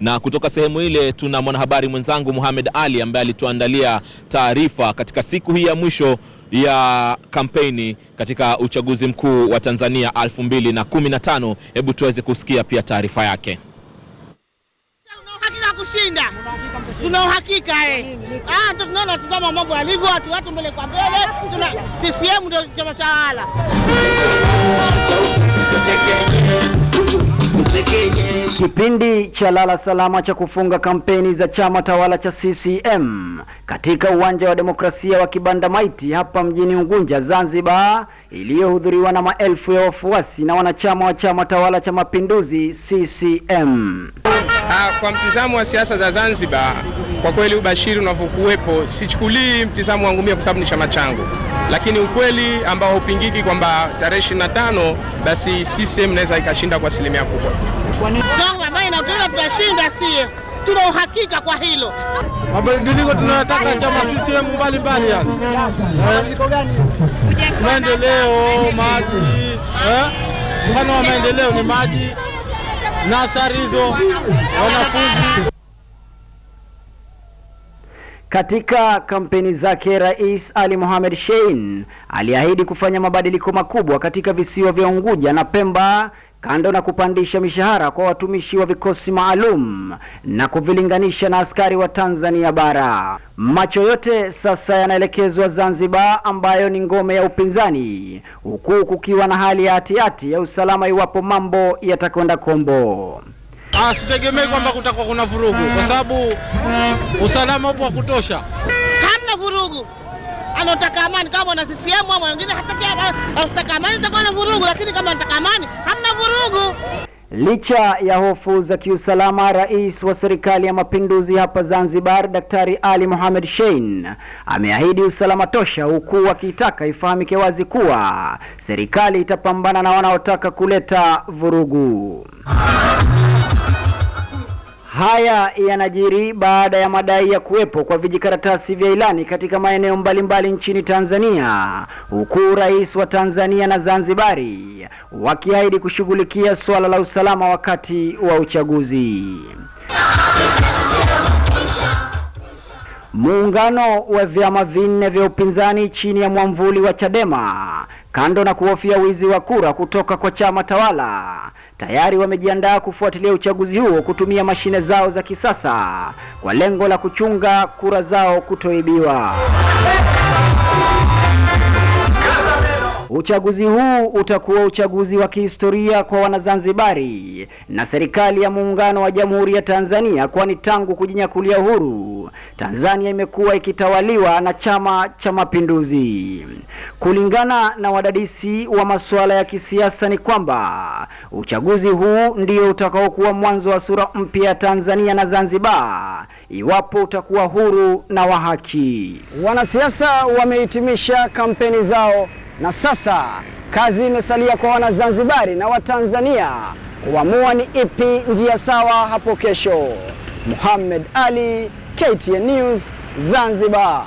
Na kutoka sehemu ile tuna mwanahabari mwenzangu muhamed Ali ambaye alituandalia taarifa katika siku hii ya mwisho ya kampeni katika uchaguzi mkuu wa Tanzania 2015. Hebu tuweze kusikia pia taarifa yake. Kushinda tuna uhakika eh, ah, tunaona, tazama mambo yalivyo, watu watu mbele kwa mbele, tuna CCM ndio chama tawala. Kipindi cha lala salama cha kufunga kampeni za chama tawala cha CCM katika uwanja wa demokrasia wa kibanda maiti hapa mjini Unguja, Zanzibar, iliyohudhuriwa na maelfu ya wafuasi na wanachama wa chama tawala cha Mapinduzi CCM. Ah, kwa mtizamo wa siasa za Zanzibar, kwa kweli ubashiri unavyokuwepo, sichukulii mtizamo wangu mimi kwa sababu ni chama changu, lakini ukweli ambao haupingiki kwamba tarehe 25 basi CCM inaweza ikashinda kwa asilimia kubwa. Dongo tutashinda, sie tuna uhakika kwa hilo. Mabadiliko tunayotaka chama CCM yani eh? maendeleo, maji, eh? mfano wa maendeleo ni maji, nasari hizo, wanafunzi katika kampeni zake Rais Ali Mohamed Shein aliahidi kufanya mabadiliko makubwa katika visiwa vya Unguja na Pemba kando na kupandisha mishahara kwa watumishi wa vikosi maalum na kuvilinganisha na askari wa Tanzania bara. Macho yote sasa yanaelekezwa Zanzibar ambayo ni ngome ya upinzani, huku kukiwa na hali ya hatihati ya usalama iwapo mambo yatakwenda kombo. Ah, sitegemei kwamba kutakuwa kuna vurugu, kwa sababu usalama upo wa kutosha, hamna vurugu anaotaka amani kama na CCM ama wengine hataki amani, itakuwa na vurugu, lakini kama anataka amani hamna vurugu. Licha ya hofu za kiusalama, rais wa serikali ya mapinduzi hapa Zanzibar, Daktari Ali Mohamed Shein ameahidi usalama tosha, huku akitaka ifahamike wazi kuwa serikali itapambana na wanaotaka kuleta vurugu. Haya yanajiri baada ya madai ya kuwepo kwa vijikaratasi vya ilani katika maeneo mbalimbali nchini Tanzania, huku rais wa Tanzania na Zanzibari wakiahidi kushughulikia suala la usalama wakati wa uchaguzi. Muungano wa vyama vinne vya upinzani chini ya mwamvuli wa Chadema Kando na kuhofia wizi wa kura kutoka kwa chama tawala, tayari wamejiandaa kufuatilia uchaguzi huo kutumia mashine zao za kisasa kwa lengo la kuchunga kura zao kutoibiwa. Uchaguzi huu utakuwa uchaguzi wa kihistoria kwa Wanazanzibari na serikali ya muungano wa Jamhuri ya Tanzania, kwani tangu kujinyakulia uhuru Tanzania imekuwa ikitawaliwa na Chama cha Mapinduzi. Kulingana na wadadisi wa masuala ya kisiasa, ni kwamba uchaguzi huu ndio utakaokuwa mwanzo wa sura mpya ya Tanzania na Zanzibar iwapo utakuwa huru na wa haki. Wanasiasa wamehitimisha kampeni zao na sasa kazi imesalia kwa Wanazanzibari na Watanzania kuamua ni ipi njia sawa hapo kesho. Muhammad Ali, KTN News, Zanzibar.